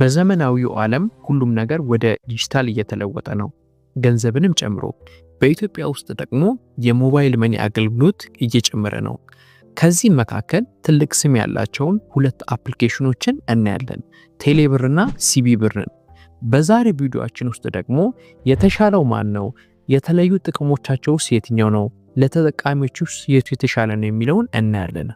በዘመናዊው ዓለም ሁሉም ነገር ወደ ዲጂታል እየተለወጠ ነው፣ ገንዘብንም ጨምሮ። በኢትዮጵያ ውስጥ ደግሞ የሞባይል መኒ አገልግሎት እየጨመረ ነው። ከዚህም መካከል ትልቅ ስም ያላቸውን ሁለት አፕሊኬሽኖችን እናያለን፣ ቴሌብርና ሲቢ ብርን። በዛሬ ቪዲዮችን ውስጥ ደግሞ የተሻለው ማን ነው፣ የተለዩ ጥቅሞቻቸውስ የትኛው ነው፣ ውስጥ የቱ የተሻለ ነው የሚለውን እናያለን።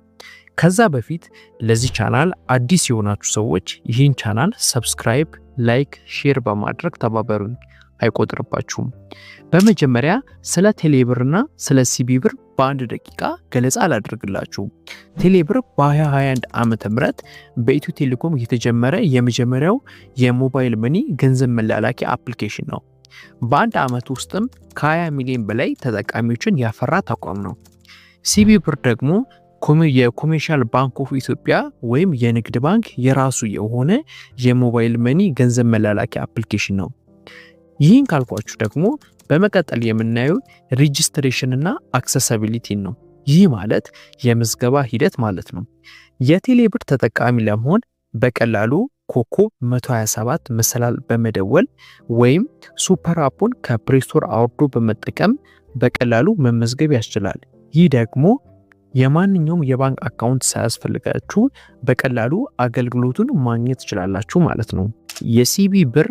ከዛ በፊት ለዚህ ቻናል አዲስ የሆናችሁ ሰዎች ይህን ቻናል ሰብስክራይብ፣ ላይክ፣ ሼር በማድረግ ተባበሩን። አይቆጥርባችሁም። በመጀመሪያ ስለ ቴሌብርና ስለ ሲቢብር በአንድ ደቂቃ ገለጻ አላደርግላችሁም። ቴሌብር በ2021 ዓመተ ምህረት በኢትዮ ቴሌኮም የተጀመረ የመጀመሪያው የሞባይል መኒ ገንዘብ መላላኪያ አፕሊኬሽን ነው። በአንድ ዓመት ውስጥም ከ20 ሚሊዮን በላይ ተጠቃሚዎችን ያፈራ ተቋም ነው። ሲቢብር ደግሞ የኮሜርሻል ባንክ ኦፍ ኢትዮጵያ ወይም የንግድ ባንክ የራሱ የሆነ የሞባይል መኒ ገንዘብ መላላኪያ አፕሊኬሽን ነው። ይህን ካልኳችሁ ደግሞ በመቀጠል የምናየው ሬጅስትሬሽን እና አክሰሳቢሊቲን ነው። ይህ ማለት የምዝገባ ሂደት ማለት ነው። የቴሌብር ተጠቃሚ ለመሆን በቀላሉ ኮከብ 127 መሰላል በመደወል ወይም ሱፐር አፑን ከፕሌስቶር አውርዶ በመጠቀም በቀላሉ መመዝገብ ያስችላል። ይህ ደግሞ የማንኛውም የባንክ አካውንት ሳያስፈልጋችሁ በቀላሉ አገልግሎቱን ማግኘት ትችላላችሁ ማለት ነው። የሲቢ ብር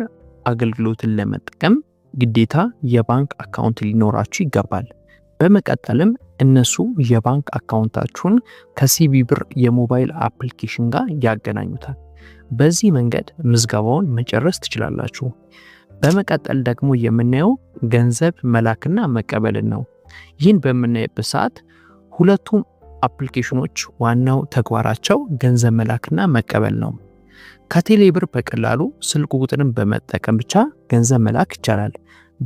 አገልግሎትን ለመጠቀም ግዴታ የባንክ አካውንት ሊኖራችሁ ይገባል። በመቀጠልም እነሱ የባንክ አካውንታችሁን ከሲቢ ብር የሞባይል አፕሊኬሽን ጋር ያገናኙታል። በዚህ መንገድ ምዝገባውን መጨረስ ትችላላችሁ። በመቀጠል ደግሞ የምናየው ገንዘብ መላክና መቀበልን ነው። ይህን በምናይበት ሰዓት ሁለቱም አፕሊኬሽኖች ዋናው ተግባራቸው ገንዘብ መላክና መቀበል ነው። ከቴሌ ብር በቀላሉ ስልክ ቁጥርን በመጠቀም ብቻ ገንዘብ መላክ ይቻላል።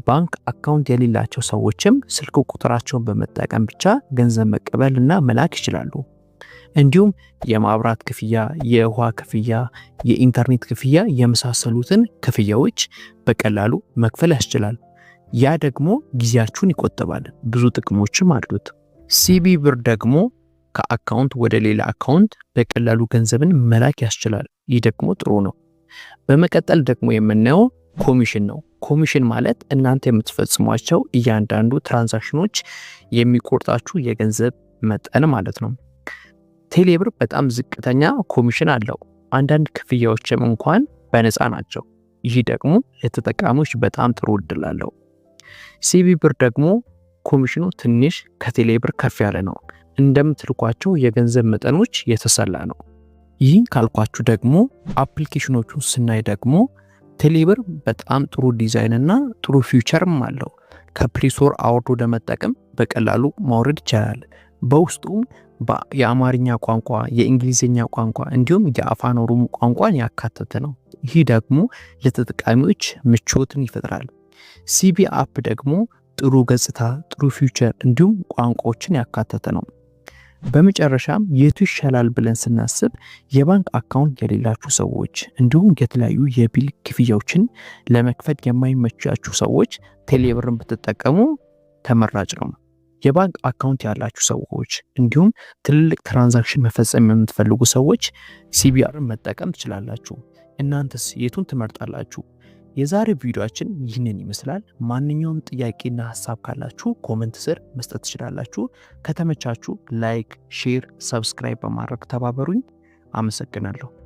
ባንክ አካውንት የሌላቸው ሰዎችም ስልክ ቁጥራቸውን በመጠቀም ብቻ ገንዘብ መቀበል እና መላክ ይችላሉ። እንዲሁም የማብራት ክፍያ፣ የውሃ ክፍያ፣ የኢንተርኔት ክፍያ የመሳሰሉትን ክፍያዎች በቀላሉ መክፈል ያስችላል። ያ ደግሞ ጊዜያችሁን ይቆጥባል። ብዙ ጥቅሞችም አሉት። ሲቢ ብር ደግሞ ከአካውንት ወደ ሌላ አካውንት በቀላሉ ገንዘብን መላክ ያስችላል። ይህ ደግሞ ጥሩ ነው። በመቀጠል ደግሞ የምናየው ኮሚሽን ነው። ኮሚሽን ማለት እናንተ የምትፈጽሟቸው እያንዳንዱ ትራንዛክሽኖች የሚቆርጣችሁ የገንዘብ መጠን ማለት ነው። ቴሌብር በጣም ዝቅተኛ ኮሚሽን አለው። አንዳንድ ክፍያዎችም እንኳን በነፃ ናቸው። ይህ ደግሞ ለተጠቃሚዎች በጣም ጥሩ እድል አለው። ሲቢ ብር ደግሞ ኮሚሽኑ ትንሽ ከቴሌብር ከፍ ያለ ነው። እንደምትልኳቸው የገንዘብ መጠኖች የተሰላ ነው። ይህን ካልኳችሁ ደግሞ አፕሊኬሽኖቹን ስናይ ደግሞ ቴሌብር በጣም ጥሩ ዲዛይን እና ጥሩ ፊውቸርም አለው። ከፕሌስቶር አውርዶ ለመጠቀም በቀላሉ ማውረድ ይቻላል። በውስጡም የአማርኛ ቋንቋ፣ የእንግሊዝኛ ቋንቋ እንዲሁም የአፋን ኦሮሞ ቋንቋን ያካተተ ነው። ይህ ደግሞ ለተጠቃሚዎች ምቾትን ይፈጥራል። ሲቢ አፕ ደግሞ ጥሩ ገጽታ፣ ጥሩ ፊውቸር እንዲሁም ቋንቋዎችን ያካተተ ነው። በመጨረሻም የቱ ይሻላል ብለን ስናስብ የባንክ አካውንት የሌላችሁ ሰዎች እንዲሁም የተለያዩ የቢል ክፍያዎችን ለመክፈት የማይመቻችሁ ሰዎች ቴሌብርን ብትጠቀሙ ተመራጭ ነው። የባንክ አካውንት ያላችሁ ሰዎች እንዲሁም ትልልቅ ትራንዛክሽን መፈጸም የምትፈልጉ ሰዎች ሲቢአርን መጠቀም ትችላላችሁ። እናንተስ የቱን ትመርጣላችሁ? የዛሬ ቪዲዮችን ይህንን ይመስላል። ማንኛውም ጥያቄና ሀሳብ ካላችሁ ኮመንት ስር መስጠት ትችላላችሁ። ከተመቻችሁ ላይክ፣ ሼር፣ ሰብስክራይብ በማድረግ ተባበሩኝ። አመሰግናለሁ።